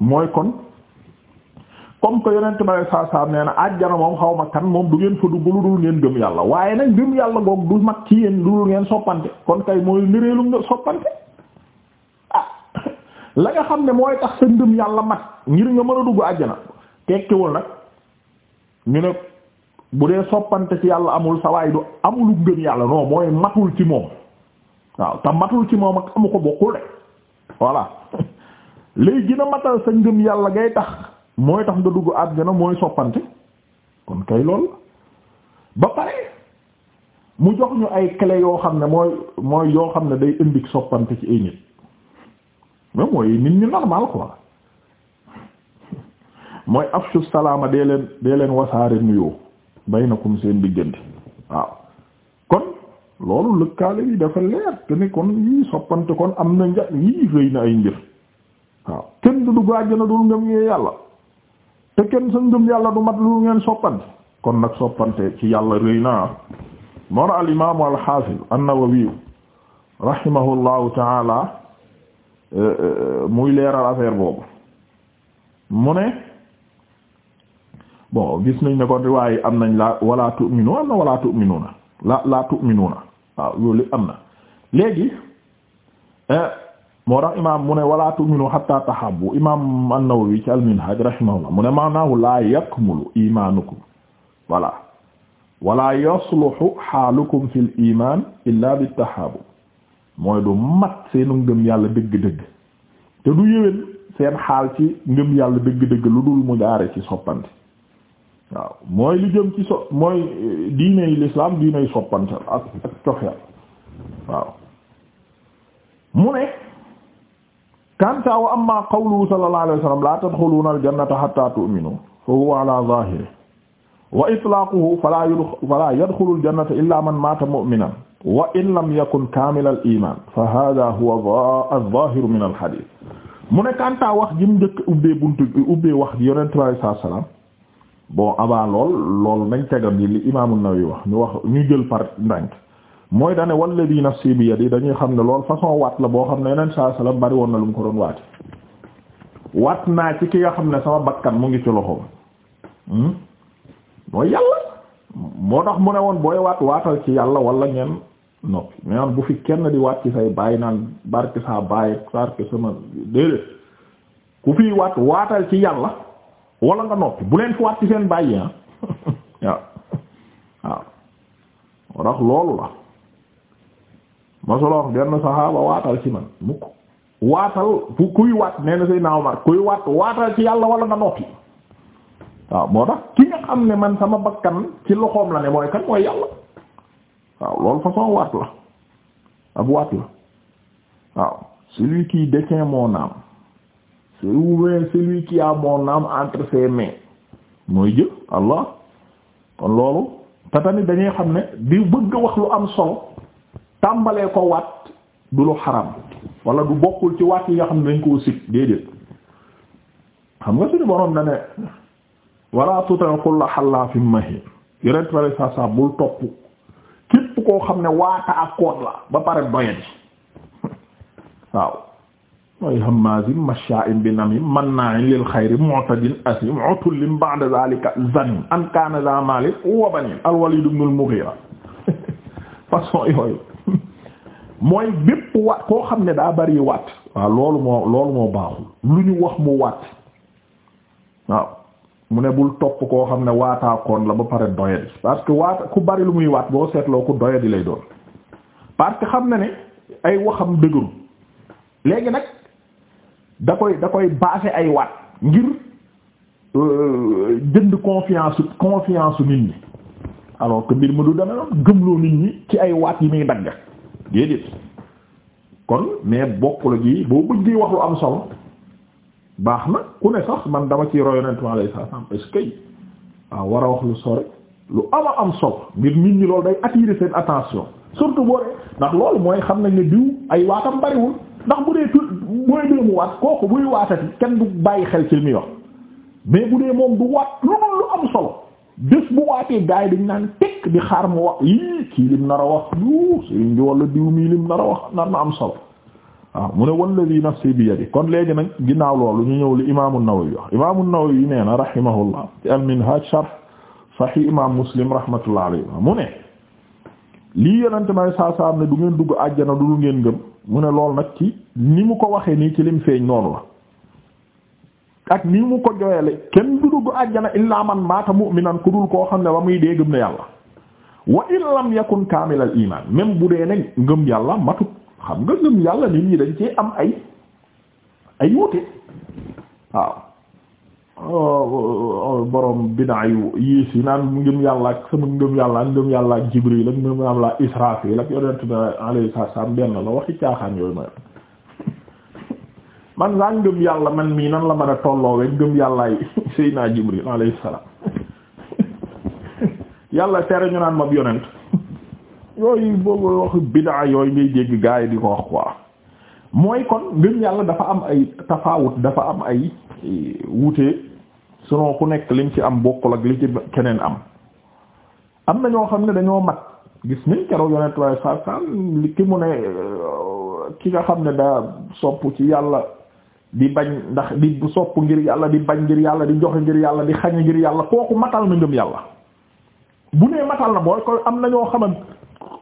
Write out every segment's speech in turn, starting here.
mooy kon comme que yonent ba saa saa nee na àjjana moom xaw ma kan moom du ngeen fa dugg lu dul ngeen gëm yàlla waaye nag gëm yàlla goog du mag ci yéen lu dul ngeen soppante kon kay mooy nireelu nga soppante ah la nga xam ne mooy tax sa ngëm yàlla mat ngir nga mën a dugg àjjana tekkiwul nag ñu ne bu dee soppante ci yàlla amul sa waay du amulu ngëm yàlla non mooy matul ci moom waaw te matul ci moom ak amu ko bokkul de léegi na matal sa ngëm yàlla ngay tax mooy tax nga dugg àddina mooy soppante kon kay lool ba pare mu jox ñu ay clé yoo xam ne mooy yoo xam ne day indi soppante ci ay nit mais mooy nit ñu normal quoi mooy afshu salaama dee leen dee leen wasaare nuyoo baynakum seen diggante waaw kon loolu lëkkaale yi dafa leer te ni kon yii soppante kon am na nja yii rëy na ay njër du dugg àjjana dul ngëm ngee yàlla te kenn sa ngëm yàlla du mat lu ngeen soppante kon nag soppante ci yàlla rëy naa moon al imaamu al xaafiz an-Nawawi rahimahullahu taala eh, eh, muy leeral affaire boobu mu ne bon gis nañ ne kon riwaaye am nañ laa wala tu'minu am na wala tu'minuna la la tu'minuna waaw yooyu am na eh, moo tax imaam mu ne wala tu'minu hatta tahabbu imaam an-Nawawi ci al-Minhaj rahimahullah mu ne maanaahu la yakmulu imanukum voilà wala yasluhu haalukum fil iman illa bit tahabbu mooy du mat seenu ngëm yàlla dëgg-dëgg te du yéwén seen xaal ci ngëm yàlla dëgg-dëgg lu dul mu jaare ci soppante waaw mooy lu ci so mooy diiney l'islam diiney soppante ak ak waaw mu ne kanta wa amma qawluhu sallallahu alayhi wa sallam la tadxuluuna aljannata hatta tu'minu fa huwa ala zahiri wa itlaquhu fala fala yadxulu aljannata illa man mata mu'minan wa in lam yakun kaamila al iman fa hada huwa az-zahiru min alhadith mu ne kanta wax jim njëkk ubbee buntu ubbee wax ji yonente bi alayhi salaatu wa salaam bon avant lool lool nañ tegam yi li imaamu Nawawi wax ñu wax ñu jël par ndànk mooy dane walladi nafsi bi yadi dañuy xam ne lool façon waat la boo xam ne yeneen saa salaam bari woon na lu mu ko doon waate waat naa ci ki nga xam ne sama bakkan mu ngi ci loxoom hmm? mooy yàlla moo tax mu ne woon booy waat waatal ci yàlla wala ngeen noppi bu fi kenn di waat ci say baay naan barke saa baay barke sama déedéet ku waatal ci yàlla wala nga noppi bu leen fi waat ci seen baay yi ah. waaw waaw moo tax loolu la masoloo am benn saxaaba waatal ci man mukk waatal fu kuy waat nee na Seydina Omar kuy waat waatal ci yàlla wala nga noppi waaw moo tax ki nga xam ne man sama bakkan ci loxoom la ne mooy kan mooy yàlla waaw loolu façon waat la ab waat la waaw celui qui détient mon âme celui qui a mon âme entre ses mains mooy jël Allah kon loolu te dañuy xam ne di bëgg wax lu am solo tàmbalee ko waat du lu xaram wala du bokkul ci wat yi nga xam ne dañ ko sit déedéet xam nga suñu borom na ne wala tuta kulla xallaafin mahin yonent bale saa saa bul topp képp koo xam ne waata ak koot la ba pare doyadi waaw mooy hammazin masha'in bi namim manna'in lil xayri mu'tadin asim utullin ba'da zalika an kana za malin wa banin al walid ibn al yooyu mooy bépp waat koo xam ne daa bari waat waaw loolu moo loolu moo baaxul lu ñu wax mu waat waaw mu ne bul topp koo xam ne waataakoon la ba pare doyadi parce que waata ku bari lu muy waat boo seetloo ku doyadi lay doon parce que xam na ne ay waxam dëgëru léegi nag da koy da koy baase ay waat ngir euh, jënd confiance confiance nit ñi alors que mbir mu du deme noonu gëmloo nit ñi ci ay waat yi muy dagg déedéet kon mais bokku la gi boo bëggee wax lu am solo baax na ku ne sax man dama ci roy yonent ma alayhi salaam est-ce que waaw war a wax lu sore lu ama am solo ngir nit ñi loolu day attirer seen attention surtout boo dee ndax loolu mooy xam nañ ne diw ay waatam bariwul ndax bu dee tu mooy déemu waat kooku buy waatati kenn du bàyyi xel ci li muy wax mais bu dee moom du waat lu lu am solo bés bu waatee gars yi dañ naan tekk di xaar mu wax yii kii lim a wax yu sëriñ bi wala diw mii lim nar wax nar na am solo waaw mu ne walladi nafsi bi yadi kon léegi nag ginnaaw loolu ñu ñëw li imaamu Nawawi wax imaamu Nawawi nee na rahimahullah ci al-Minhaj sharh Sahih imaam Muslim rahmatullah alayhi mu ne lii yonente may saasaam ne du ngeen dugg àjjana du ngeen gëm mu ne loolu nag ci ni mu ko waxee nii ci lim feeñ noonu la ak nii mu ko joyale kenn du dugg àjjana illaa man maata mu'minan ku dul koo xam ne ba muy dee gëm na yàlla wa in yakun kaamilal iman même bu dee ne ngëm yàlla matut xam ngëm yàlla nit ñi dañ ci am ay ay wuute waaw oh, oh, borom bidaa yu yiis yi naan ngëm yàlla ak sama ngëm yàlla ngëm yàlla ak jibril ak ngëm yàlla israfil ak yonent bi alayhi salaam benn la waxi caaxaan yooyu ma man laa ngëm yàlla man mii nan la mën a tolloowe ngëm yàllaay Seydina Jibril alayhi salaam yàlla tere ñu naan mab yonent yooyu boobu wax bidaa yooyu ngay dégg gaa yi di ko wax quoi mooy kon ngëm yàlla dafa am ay tafaawut dafa am ay wutee sinon ku nekk lim ci am bokkul ak li ci keneen am am na ñoo xam ne dañoo mat gis nañ keroog yonent waaye saa saa ki mu ne ki nga xam ne daa sopp ci yàlla di bañ ndax di sopp ngir yàlla di bañ ngir yàlla di joxe ngir yàlla di xañ ngir yàlla kooku matal na ngëm yàlla bu nee matal na booy koy am na ñoo xamant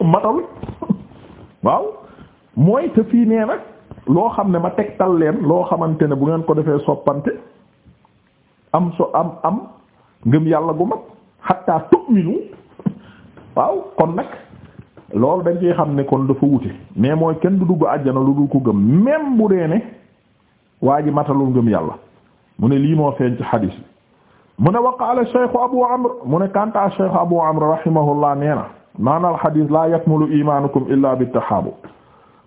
matal waaw mooy te fii nee nag loo xam ne ma tegtal leen loo xamante ne bu ngeen ko defee soppante am so am am ngëm yàlla gu mag xatta tu'minu waaw kon nag loolu dañ koy xam ne kon dafa wute mais mooy kenn du dugg àjjana lu dul ko gëm même bu dee waa ji matalul ngëm yàlla mu ne lii moo feeñ ci xadiis bi mu ne waqaala cheikhu abou amr mu ne kanta cheikhu abou amr rahimahullah nee na maanaal xadiis laa yakmulu imaanukum illaa bittaxaabu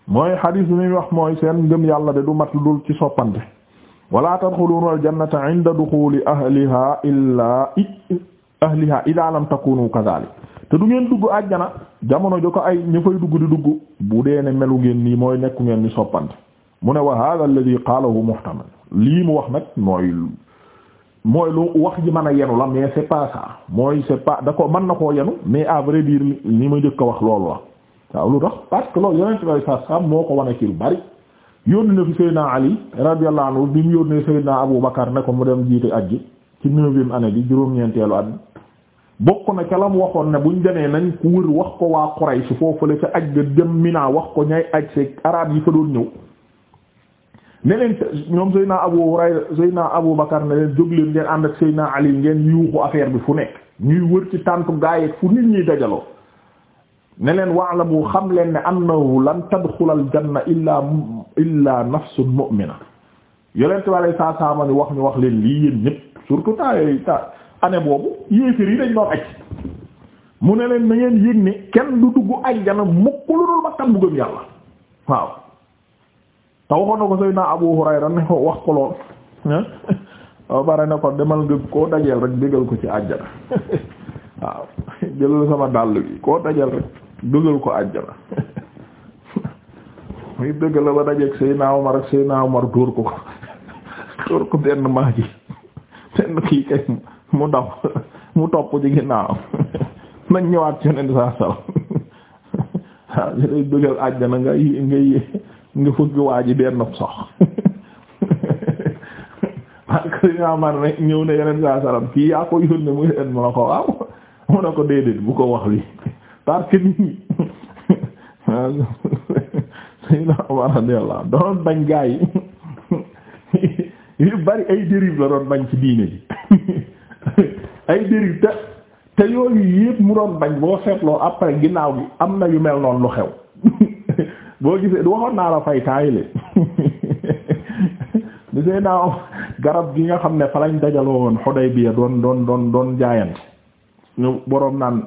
mooy xadiis bi muy wax mooy seen ngëm yàlla de du mat ci soppante wala tadxuluuna aljannata inda duxuli ahliha illaa ahliha idaa du ngeen dugg àjjana jamono jo ko ay ña fay dugg di dugg bu dee ne melu ngeen nii mooy nekku ngeen ni soppante mu ne wa hada alladhi qaalahu muhtamal lii mu wax nag mooy mooy lu wax ji man a yenu la mais c'est pas ça mooy c'est da ko mën na koo yenu mais à vrai dire li ma njëkk wax loolu la waaw lu tax parce que loolu yonent bi saa saa moo ko wane ci lu bari yónni na fi Seydina Ali radiyallahu anhu bi mu yónnee Seydina Abu Bakar ne ko mu dem jiite aj gi ci neuvième année bi juróom-ñeenteelu at bokk na ca la mu waxoon ne ñu demee nañ ku wër wax ko waa Quraysh foofu la ca aj ga dem wax ko ñay aj ci arab yi ñëw ne leen ñoom Seydina Abu Hurayra Seydina Abu Bakar ne leen jóg leen ngeen ànd ak Seydina Ali ngeen yuuxu affaire bi fu nekk ñuy wër ci tàntu gaayet fu nit ñuy dajaloo ne leen mu xam leen ne annahu lan tadxula al janna illaa illaa nafsun mu'mina yolente bi alay saa saama ni wax ñu wax leen lii yéen ñëpp surtout temps ta année boobu yéefér yi dañ doon aj mu ne leen na ngeen yëg ne kenn du dugg ajjana mukk lu dul bakkan bu gëm yàlla waaw te waxoon na ko Seydina Abu Hurayra ne ko wax ko lool ba pare ko demal nga koo dajeel rek bégal ko ci àjjana waaw jëlal sama dàll bi koo dajeel rek bégal ko àjjana muy dëgg la ba dajeeg Seydina Omar ak Seydina Omar dóor ko dóor ko benn maa ji benn kii kay mu daw mu topp ci ginnaaw nañ ñëwaat ci yeneen saa sal waaw jëlay bégal àjjana nga yi nga yi nga fëgg waa ji benn sox parce que yaa man ne ñëw ne yeneen saa salam kii yaa ko yónnee muy leen mu ne ko waaw mu ne ko déedéet bu ko wax lii parce que nit ñi Seydina a radiyallahu doon bañ gaa yi bari ay dérive la doon bañ ci diine ji ay dérive te te yooyu yépp mu doon bañ boo seetloo après ginnaaw gi am na yu mel noonu lu xew boo gisee waxoon naa la fay taayile gisee naa garab gi nga xam ne fa lañ dajaloo woon Hudaybiya doon doon doon doon jaayante ñu boroom naan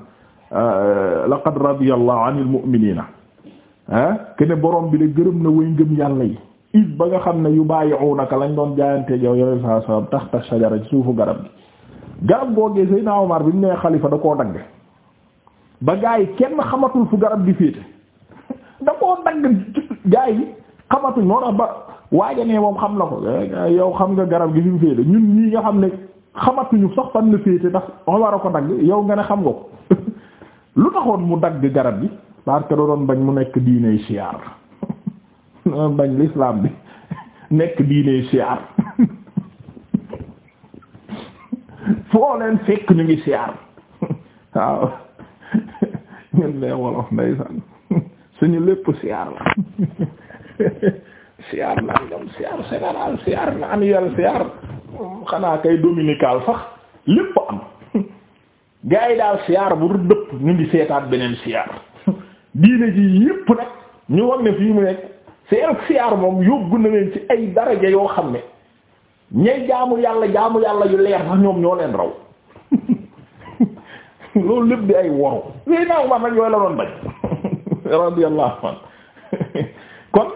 euh, laqad radiyallahu anil mu'minina ah kene borom bi de gërëm na way ngëm yàlla yi is ba nga xam ne yu bàyyi'unaka lañ doon jaayante yow yore saa salaam taxta sajara suufu garab gi garab googee Seydina Omar bi mu nee xalifa da koo dagg ba gaa yi kenn xamatul fu garab gi féete da koo dagg gaa yi xamatuñ moo tax ba waaja ne moom xam la ko eh, yow xam nga garab gi fi mu féete ñun ñii nga xam ne xamatuñu sax fan la féete ndax on ko dagg yow nga ne xam nga ko lu taxoon mu dagg garab gi parce que doon bañ mu nekk diiney siyaar da bañ l'islam bi nekk diiney siyaar foo leen fekk ñu ngi siyaar waaw ñun lee wolof ndeysaan suñu lépp siyaar la siyaar nangam siyaar siyaar xanaa kay dominical sax lépp am gaa yi daal siyaar bu dëpp ñu ngi seetaat beneen siyaar diine ji yépp nag ñu wax ne fii mu nekk seen siyaar moom yóbbu na leen ci ay daraja yoo xam ne ñay jaamu yàlla jaamu yàlla yu leer sax ñoom ñoo leen raw loolu lépp di ay woru léegi naaw ma nag yooyu la doon bañ radiyallahu anhu kon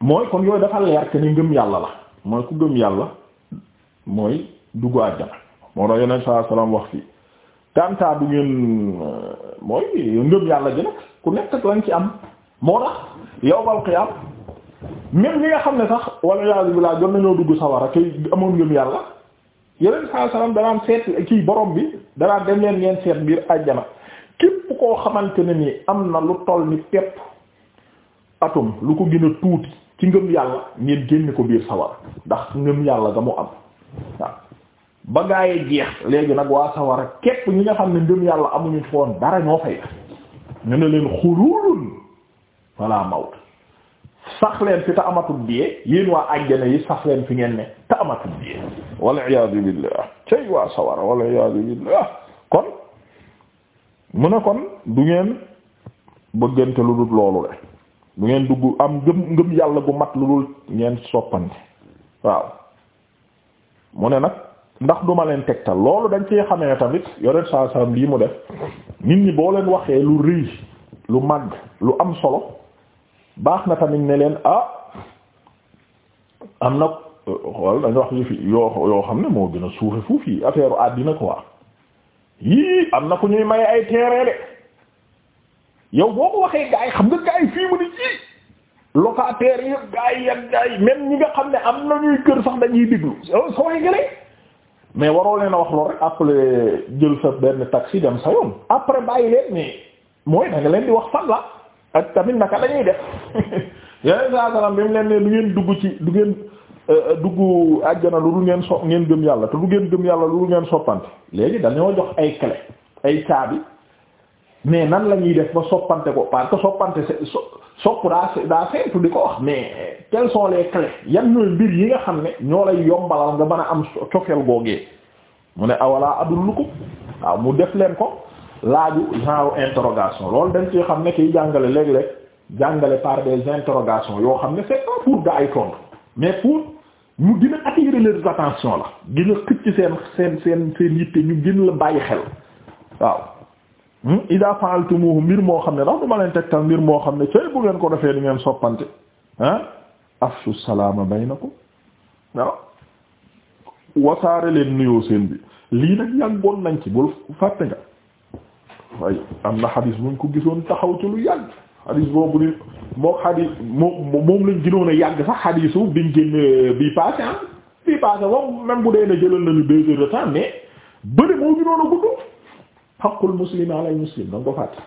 mooy kon yooyu dafa leer que ni ngëm yàlla la mooy ku gëm yàlla mooy duggu àjjana moo tax yeneen saa salaam du ngeen yàlla ji lañ ci am moo tax yawmal ñi nga xam ne sax wala yàlla bi laa jot nañoo dugg sawara kay amoon ngëm yàlla yeneen saa salaam danaan kii borom bi danaan dem leen ngeen seet biir àjjana képp koo xamante ne ni am na lu toll ni pepp atum lu ko gën tuuti ci ngëm yàlla ngeen génne ko biir sawar ndax ngëm yàlla ga mu am waaw ba gaayee jeex léegi nag waa sawara képp ñi nga xam ne ngëm yàlla amuñu foon dara ñoo fay ñu ne leen xululun walla mawt sax leen fi te amatul biyee yéen waa àjjana yi sax leen fi ngeen ne te amatul biyee wal iyaadu billah cay waa sawara wal iyaadu billah kon mu ne kon du ngeen bëggante lu dul loolu le du ngeen dugg am ngëm ngëm yàlla gu mat lu dul ngeen soppante waaw mu ne nag ndax duma leen tegtal loolu dañ ci xamee tamit yoneen saa salaam lii mu def nit ñi boo leen waxee lu rëy lu màgg lu am solo baax na tamit ne leen ah am na euh, xool dañu wax yi fi yoo yoo xam ne moo gën a suufe fuuf yi affaire àddina ko waa yii am na ku ñuy may ay terrain de yow boo ko waxee gars xam nga gars yi fii mu ni ci locataire yi gars yi ak gars ñi nga xam ne am na ñuy kër sax dañuy diglu sa way mais waroo leen a wax loolu rek après jël sa benn taxi dem sa yoon après bàyyi leen mais mooy da leen di wax fan la ak tamit naka dañuy def yeneen saa salaam bi mu leen ne ngeen dugg ci du ngeen Euh, dugg àjjana lu dul ngeen ngeen gëm yàlla te du ngeen gëm yàlla lu dul ngeen soppante léegi dañoo jox ay clé ay caabi mais nan la ñuy def ba soppante ko parce que soppante sopp daa daa seetu di ko wax mais quelles sont les yan ñooy mbir yi nga xam ne ñoo lay yombalal nga mën a am cofeel googee mu ne awalaa adullukum waaw mu def leen ko laaju genre interrogation loolu dañ ci xam ne kiy jàngale léeg-léeg jàngale par des interrogations yoo xam ne c'est mu gën a attirer leurs attention la gën a xëcc seen seen seen seen yitte ñu gën la bàyyi xel waaw hmm? ida fa'altumuhu mbir moo xam ne ndax duma leen tegtal mbir moo xam ne cay bu ngeen ko defee di ngeen soppante ah afshu salaama baynakum waaw wasaare leen nuyoo seen bi lii nag bool nañ ci bul fàtte nga waaye am na xadiis buñ ko gisoon taxaw ci lu yàgg xadis boobu ni moo xadis moom lañ gënoon a yàgg sax xadisu biñ génn euh, bii passé ah bii passé moom même bu dee na jëlal nañu deux heures de temps mais bëri moo gënoon a gudd xaqul muslim ala muslim da ko fàtte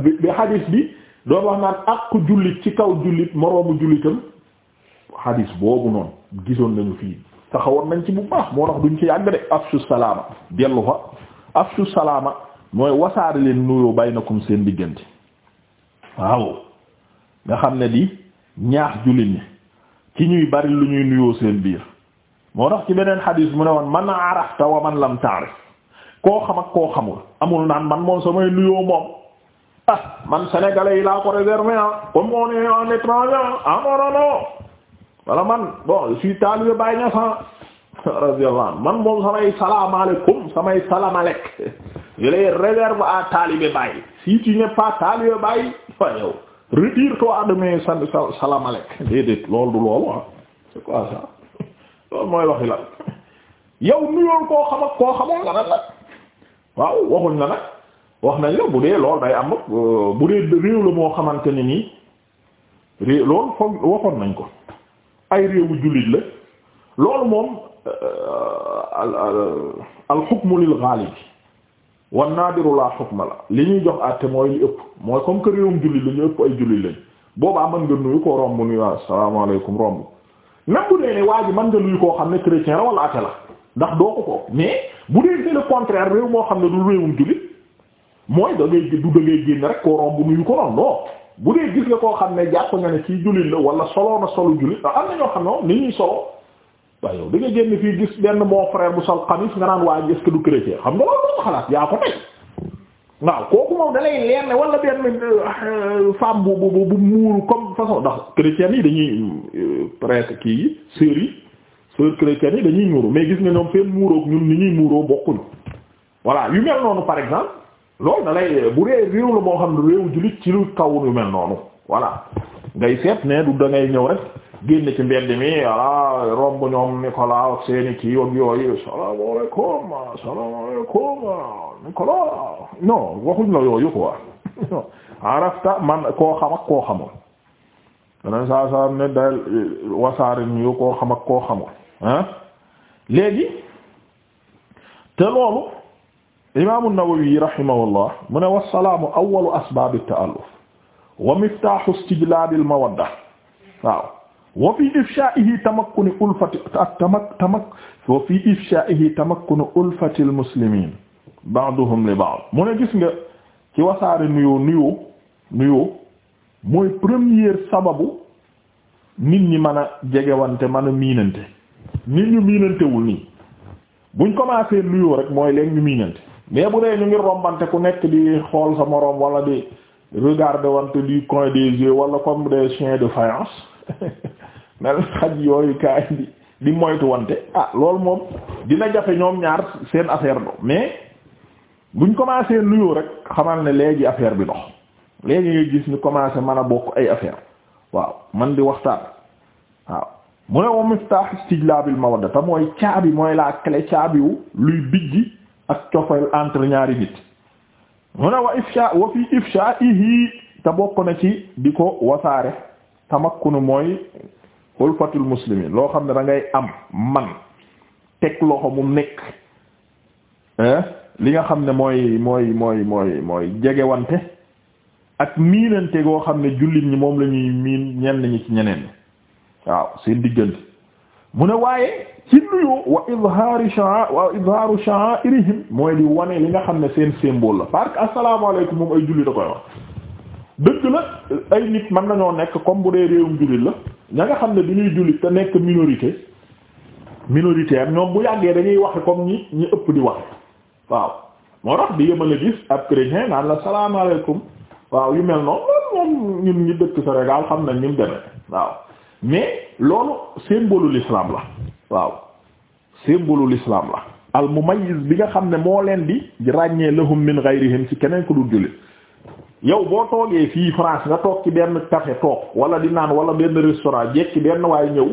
bi xadis bi doon wax naan aqu jullit ci kaw jullit moroomu jullitam xadis boobu noonu gisoon nañu fii taxawoon nañ ci bu baax moo tax duñ ci yàgg de afshu salaama dellu fa afshu salaama mooy wasaare leen nuyoo kom seen diggante waaw nga xam ne di ñaax jullit ñi ci ñuy bari lu ñuy nuyoo seen biir moo tax ci beneen xadiis mu ne woon man arafta wa man lam ta'rif koo xam ak koo xamul amul naan man moom samay nuyoo moom ah, man sénégalais yi laa ko réservé ah. comme on est en étranger ah wala man bon je suis talibé Baye Niass ah. radiyallahu man moom samay salaamaaleykum samay salaamaalek je les réserve à talibé Baye si tu n'es pas talibé yow retire-toi de mes salam alek déedéet loolu du loolu ah c'est quoi loolu mooy waxi la yow nuyool koo xam koo xamoon la nag waaw waxuñ la nag wax nañ la bu dee loolu day am euh, bu dee réew la moo xamante ne nii réew foog waxoon nañ ko ay réewu jullit la loolu moom euh, al al al hukmu lil ghalib wan naadiru laa xukma la li ñuy jox àtte mooy li ëpp mooy comme que réewum julli la ñu ëpp ay julli lañ boobaa mën nga nuyu koo romb nuyu asalaamaaleykum romb même bu dee ne waa ji koo xam ne chrétien wala athée la ndax doo ko ko bu dee c'est contraire réew moo xam ne du réewum jullit mooy da ngay du da ngay génn rek koo romb nuyu ko noonu bu dee gis nga koo xam ne jàpp nga ne ci jullit la wala soloo na solu jullit ndax am na ñoo xam ne ni ñuy solo waaye yow nga génn fii gis benn mon frère bu sol xamis nga naan waa est-ce que du chrétien xam nga loolu moom xalaat yaa ko tey waaw kooku moom da lay leer ne wala benn euh, femme bu bu bu muuru comme façon ndax chrétiens yi dañuy euh, prêtre kii yi sœurs yi sœurs yi dañuy muuru mais gis nga ñoom seen muuroog ñun ni ñuy muuroo bokkuñu voilà yu mel noonu par exemple loolu da lay bu dee réew moo xam ne réew jullit ci lu kaw yu mel noonu voilà ngay seet ne du da ngay ñëw rek. génn ci mbedd mi romb ñoom Nicolas seeni kii ak yooyu salaamaaleykum salaamaaleykum Nicolas non waxuñ la yooyu quoi arafta man koo xam ak koo xamul yeneen saa ne dal wasaare nuyu koo xam ak koo te loolu imaamu Nawawi rahimahullah mu ne wassalaamu awwalu asbaabi ta'alluf wa miftaahu istijlaabil mawadda waaw wa fi ifshaa'ihi ne ulfati tamak tamak wa fi ifshaa'ihi tamakkuni ulfati al-muslimiin ba'duhum li ba'd mu ne gis nga ci wasaare nuyoo nuyoo nuyoo mooy première sababu nit ñi mën a jegewante mën a miinante nit ñu miinantewul nii buñ commencé nuyoo rek mooy leen ñu miinante mais bu dee ñu ngi rombante ku nekk di xool sa moroom wala di regarder wante du coin des yeux wala comme des chiens de faïence na leen xaj yooyu kaa di moytu wante ah loolu moom dina jafe ñoom ñaar seen affaire do mais buñ commencé nuyoo rek xamal ne léegi affaire bi dox léegi ngay gis ñu commencé mën a bokk ay affaire waaw man di waxtaan waaw mu ne wa miftah istijlabil mawadda te mooy caabi mooy la clé caabiwu luy bijji ak cofeel entre ñaari nit mu ne wa ifsha wa fi ifsha ihi te bokk na ci di ko wasaare tamakkunu mooy ulfatul muslimin loo xam ne dangay am man teg loxo mu nekk li nga xam ne mooy mooy mooy mooy mooy jegewante ak miinante goo xam ne jullit ñi moom la ñuy miin ñenn ñi ci ñeneen waaw seen diggante mu ne waaye ci nuyoo wa izhaari sha'a wa izhaaru sha'airihim mooy di wane li nga xam ne seen symbole la parce que asalaamaaleykum moom ay jullit da koy wax dëkk la ay nit mën nañoo nekk comme bu dee réewum jullit la ña nga xam ne du ñuy jullit te nekk minorité minoritaire ñoom bu yàggee dañuy waxe comme ñi ñi ëpp di waxe waaw moo tax di yëmale gis ab chrétien naan la salaamaaleykum waaw yu mel noonu moom ñun ñi dëkk Sénégal xam nañ ñu mu demee waaw mais loolu symbole lislaam la waaw symbole lislaam la al mumayyiz bi nga xam ne moo leen di ràññee lahum min ghayrihim ci keneen ku dul jullit yow boo toogee fii France nga toog ci benn café toog wala di naan wala benn restaurant jekki benn waaye ñëw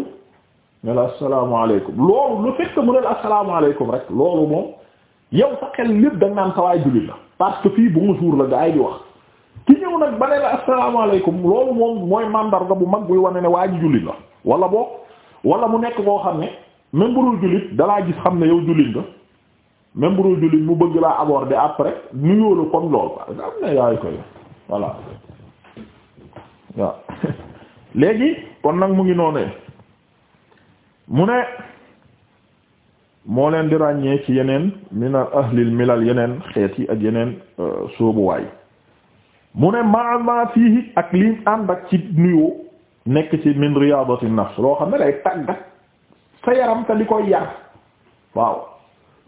ne la asalaamaaleykum loolu lu fekk mu ne la asalaamaaleykum rek loolu moom yow sa da nga naan sa waay jullit la parce que fii bonjour la gaa yi di wax ki ñëw nag bu mag buy wane ne waa jullit la wala boo wala mu nekk koo xam ne même bu jullit dalaa gis xam ne yow jullit nga même jullit mu bëgg laa aborder après nuyoo la comme loolu am na yaay koy. voilà waaw léegi kon nag mu ngi noonee mu ne moo leen di ràññee ci yeneen minal ahlil milal yeneen xeet yi ak yeneen euh, soobuwaay mu ne ma fii ak liñ ànd ak ci nuyoo nekk ci min riyaadati nafs loo xam ne lay tàggat sa yaram te di koy yar waaw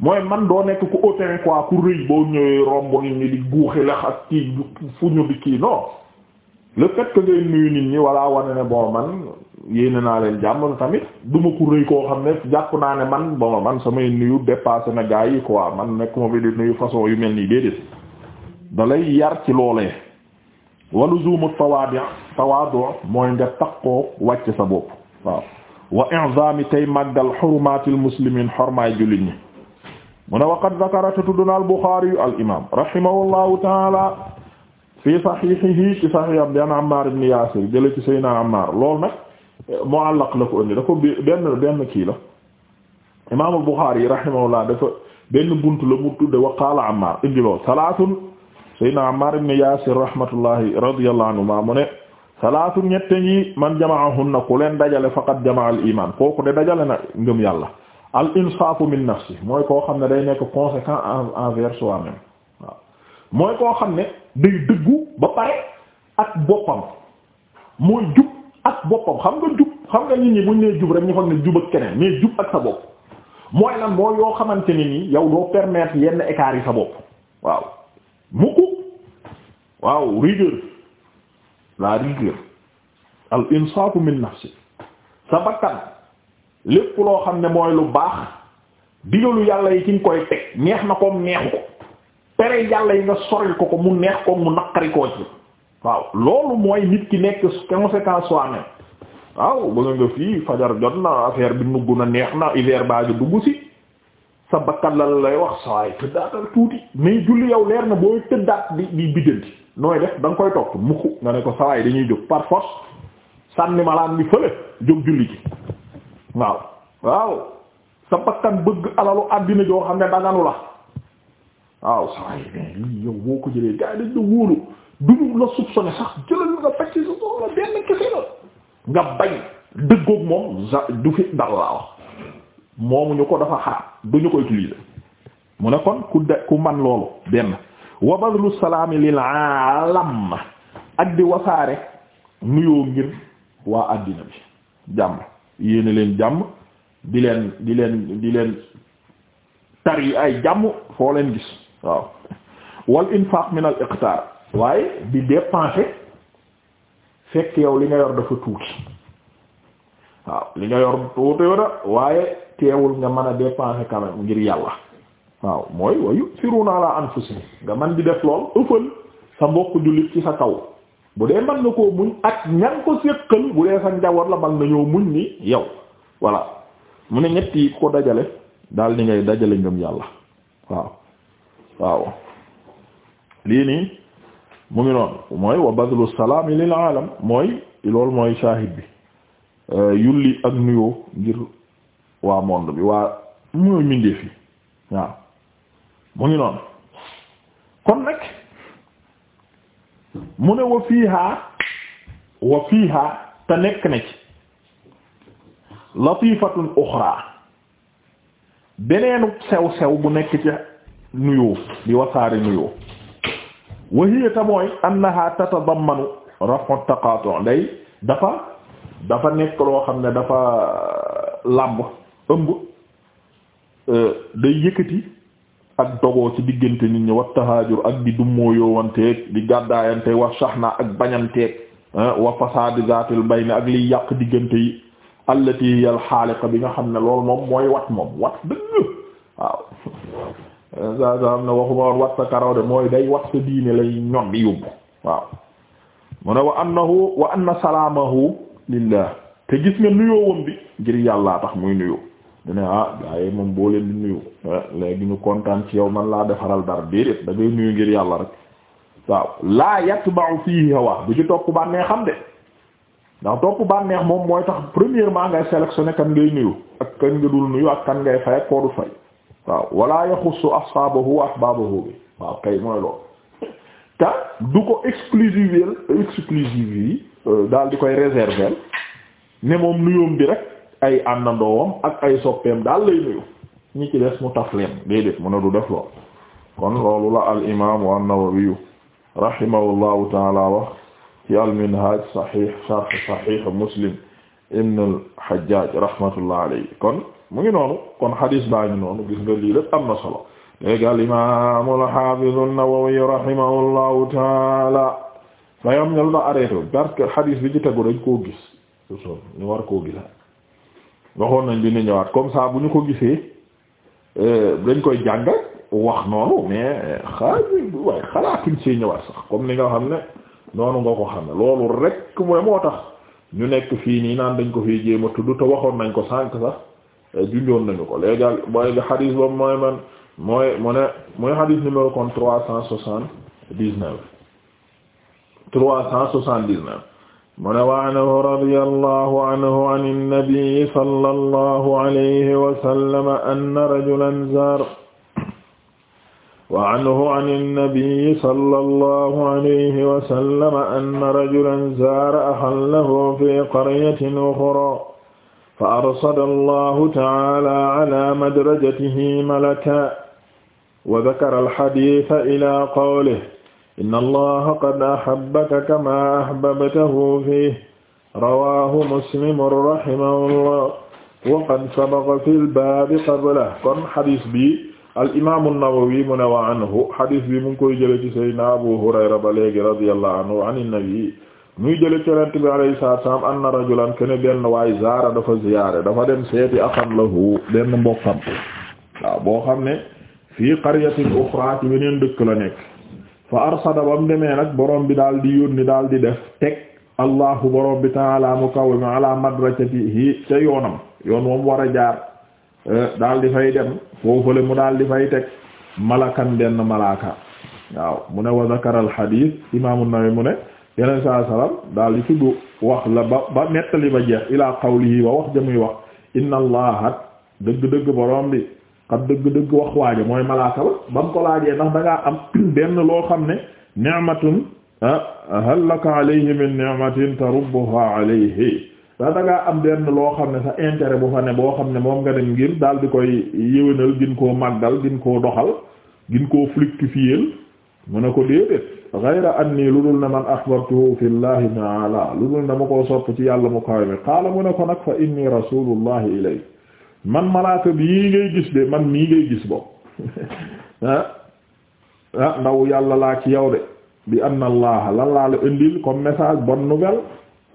mooy man doo nekk ku hautain quoi ku rëy boo ñëwee romb nit ñi di guuxi la ak kii fu ñu di kii non le fait que ngay nuyu nit ñi walla wane ne bon man yéene naa leen jàmm tamit duma ku rëy koo xam ne jàpp naa ne man bon man samay nuyu dépassé na gaa yi quoi man nekk moom di nuyu façon yu mel nii déedéet da lay yar ci loolee walu zumu tawaadi tawaadu mooy nga takkoo wàcc sa bopp waaw wa inzami tey màggal xurumatil muslimin xormaay jullit mu ne waqad zakara te tudd na al Buxaari al imaam rahimahullahu taala fi saxiixihi ci saxiixam bi an Ammaar ibn Yaasir jële ci Seydina Ammaar loolu nag mu'allaq la ko indi dafa benn benn kii la imaamul Buxaari rahimahullah dafa benn buntu la mu tudde wa qaala Ammaar indi lool salaatun Seydina Ammaar ibn Yaasir rahmatullahi radiyallahu anhumaa mu ne salaatun ñette ñi man jamaahunna ku leen dajale faqad jamaa al iimaan kooku de dajale na ngëm yàlla al insaafu min nafsi mooy koo xam ne day nekk conséquent envers soi-même waaw mooy koo xam ne day dëggu ba pare ak boppam mooy jub ak boppam xam nga jub xam nga nit ñi buñ nee jub rek ñu foog ne jub ak keneen mais jub ak sa bopp mooy lan mooy yoo xamante ni nii yow doo permettre yenn écart yi sa bopp waaw mukk waaw rigueur la rigueur al insaafu min nafsi sa bakkan lépp loo xam ne mooy lu baax digalu yàlla yi ci nga koy teg neex na ko neexu ko tere yàlla yi nga soril ko ko mu neex ko mu naqari koo ci waaw loolu mooy nit ki nekk conséquence soi-même waaw bëgg nga fii fajar jot na affaire bi nugg na neex na hiver baa ngi dugg si sa bakkan la lay wax sa tëddaatal tuuti mais julli yow leer na booy tëddaat di di biddanti nooy def da koy toog mukk nga ne ko sawaay dañuy jóg par force sànni malaan bi fële jóg waaw waaw sa bakkan bëgg alalu àddina joo xam ne danganu la waaw saa yi lii yow boo ko jëlee gars yi dañ la wóolu duñu la soupçonné sax jëlal nga faj ci sa soxla benn kese nga bañ dëggoog moom du fi dal laa moomu ñu ko dafa xaraam duñu ko utiliser mu ne kon ku de ku man loolu benn wa badlu salaami lil alam ak di wasaare nuyoo ngir waa àddina bi jàmm yéene leen jàmm di leen di leen di leen tar ay jàmm foo leen gis waaw wal infaq min al iqtar waaye di dépenser fekk yow li nga yor dafa tuuti waaw li nga yor tuuti na waaye teewul nga mën a dépenser quand même ngir yàlla waaw mooy wayu siruna ala anfusihim nga man di def lool ëffal sa mbokk jullit ci sa kaw bu dee mën koo muñ ak ñan ko séqal bu dee sa njaboot la mën nañoo muñ ni yow voilà mu ne ñett ko dajale daal ni ngay dajale ngëm yàlla waaw waaw lii nii mu ngi noonu mooy wa badlu salaami lil mooy loolu mooy shahid bi euh, yulli ak nuyoo ngir waa monde bi waa mooy mindee fi waaw mu ngi noonu kon nag mu ne wa fiiha wa fiiha te nekk na ci latifatun uxra beneenu sew sew bu nekk ci nuyoo di wasaari nuyoo wa hiya ta mooy annaha tatadammanu rafu taqatu day dafa dafa nekk loo xam ne dafa làmb ëmb euh, day yëkkati ak dogoo ci diggante nit ñi wa tahaajur ak di dummóoyoowanteeg di gàddaayante wa shahna ak bañanteeg eh, wa fasaadi zaatil bayni ak liy yàq diggante yi allati hiya al xaaliqa bi nga xam ne loolu moom mooy wat moom wat dëgg waaw sa sa am na waxuma woon wat sa karaw de mooy day wat sa diine lay ñon di yóbbu waaw mu ne wa annahu wa anna salaamahu lillah te gis nga nuyoowam bi ngir yàllaa tax muy nuyoo du ne ah gaa yi moom boo leen di nuyu eh, léegi ñu kontaan ci yow man laa defaral dara déedéet da nuyu ngir yàlla rek waaw laa yatba'u fiihi hawa bu ci topp bànneex xam de ndax topp bànneex moom mooy tax premièrement ngay sélectionner kan ngay nuyu ak kan nga dul nuyu ak kan ngay fay ak koo du fay waaw wala yaxussu ashaabahu wa ahbaabahu bi waaw kay mooy loolu te du ko exclusive yi euh, daal di koy réserver ne moom nuyoom bi rek ay àndandoowam ak ay soppeem daal lay nuyu ñi ci des mu taf leen déedéet mu ne du def lool kon loolu la al imaamu an-Nawawi rahimahullahu taala wax ci al-Minhaj sahih sharh Muslim ibn al-Hajjaj rahmatullah alayhi kon mu ngi noonu kon hadis baa ngi noonu gis nga lii lépp am na solo léegi al-imam al-hafiz an-Nawawi rahimahullahu taala fayam ñel na arrêté parce que hadis bi ci tegu dañ koo gis ñu war koo gis waxoon nañ dina ñëwaat comme ça bu ñu ko gisee euh, dañ koy jàng wax noonu mais xaaju waaye xalaatuñ see ñëwaat sax comme ni nga xam ne noonu nga ko xam ne loolu rek mooy moo tax ñu nekk fii nii naan dañ ko fii jéem a tudd te waxoon nañ ko sànq sax euh, junjoon nañu ko léegi mooy xadis boobu mooy man mooy mu ne mooy xadis numéro kon trois cent soixante dix neuf trois cent soixante dix neuf mu ne wa anhu radiyallahu anhu an annabi sallallahu alayhi wa sallam anna rajulan zaar wa anhu an annabi sallallahu alayhi wa sallam anna rajulan zaara axan lahu fi qaryatin uxraa fa arsala allahu ta'aala ala madrajatihi malakan wa dakara alhadiisa ilaa qawlihi inna allaha qad ahabbaka kama ahbabtahu fiihi rawaahu muslim rahimahullah wa qad sabaqa fil baabi qablahu kon xadis bi al imaamu nawawi mu ne wa anhu xadis bi mu ngi koy jële ci sayyidina abu hurayra ba léegi radiyallahu anhu an nabi muy jële ci yonent bi alayhi salaatu wa salaam anna rajulan kene benn waay zaara dafa ziyaare dafa dem seeti axan lahu benn mbokkam waaw boo xam ne fii qaryatin uxraa ci beneen dëkk la nekk wa arsada bam demee nag borom bi daal di yónni daal di def teg allahu borom bi taala mu kaw mi ala madrasatihi ca yoonam yoon moom war a jaar eh, daal di fay dem foofule mu daal di fay teg malakan benn malaka waaw mu ne wa zakara al hadith imam an-Nawawi mu ne yeneen saa salaam daal di tudd wax la ba ba nettali ba jeex ilaa qawlihi ba wax jamuy wax inna allaha dëgg-dëgg borom bi xam dëgg-dëgg wax waajo mooy malaaka ba ba ko laajee ndax da am benn loo xam ne ni'matun ah, hal laka alayhi min ni'matin tarubbuha alayhi ndax da am benn loo xam ne sa intérêt bu fa ne boo xam ne moom nga dem ngir daal di koy yéwénal gin koo màggal gin koo doxal gin ko fructifier mu ne ko déedéet ghayra anni lu dul ne man ahbabtuhu fillahi ta'ala lu dul ne ma koo sopp ci yàlla mu kawe mi qaala mu ne ko nag fa inni rasulullahi ilayk man malaaka bii ngay gis de man mii ngay gis boobu ah. ah, ndaw yàlla laa ci yow de bi anna allah lan laa la indil comme message bon nouvelle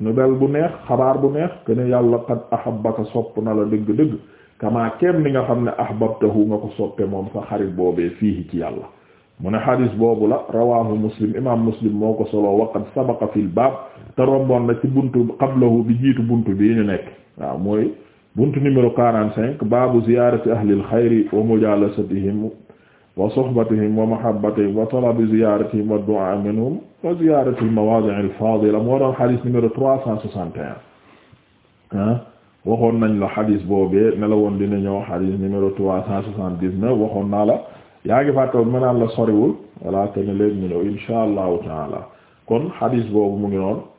nouvelle bu neex xabaar bu neex que ne yàlla qad ahabbaka sopp na la dëgg-dëgg kamaa kem ni nga xam ne ahbabtahu nga ko soppe moom sa xarit boobee fii ci yàlla mu ne xadis boobu la rawahu muslim imam muslim moo ko solo waqad sabaqa fil baab te romboon na ci bunt qablahu bi jiitu bunt bii ñu nekk waaw mooy buntu numéro 45 baabu ziyaarati ahlil xayri wa mujaalasatihim wa sohbatihim wa mahabbatihim wa talabi ziyaratihim wa du'a minhum wa ziyarati al-mawaadi' al-faadila moo doon xadis numéro 361 ah waxoon nañ la xadis boobee ne la woon dina ñëw xadis numéro 379 waxoon naa la yaa ngi ya ma naan la soriwul voilà te ne léegi ñu ñëw insha taala kon xadis boobu mu ngi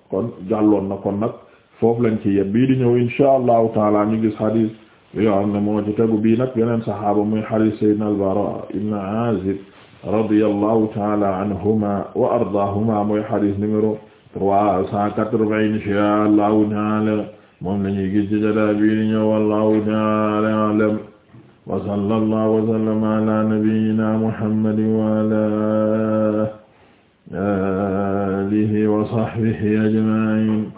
kon jàlloon na kon nag foofu lañ ci yeb bii di ñëw insha allahu taala ñu gis hadith bi nga xam ne moo ci tegu bii nag beneen saxaaba muy hadith sayyidina al-Bara ibn Azib radiyallahu taala anhuma wa ardaahuma mooy hadith numéro trois cent quatre-vingts insha allahu taala moom lañuy gis ci jada bii di ñëw wallahu taala alam wa sallallahu wa sallama ala nabiyyina muhammadin wa ala alihi wa sahbihi ajma'in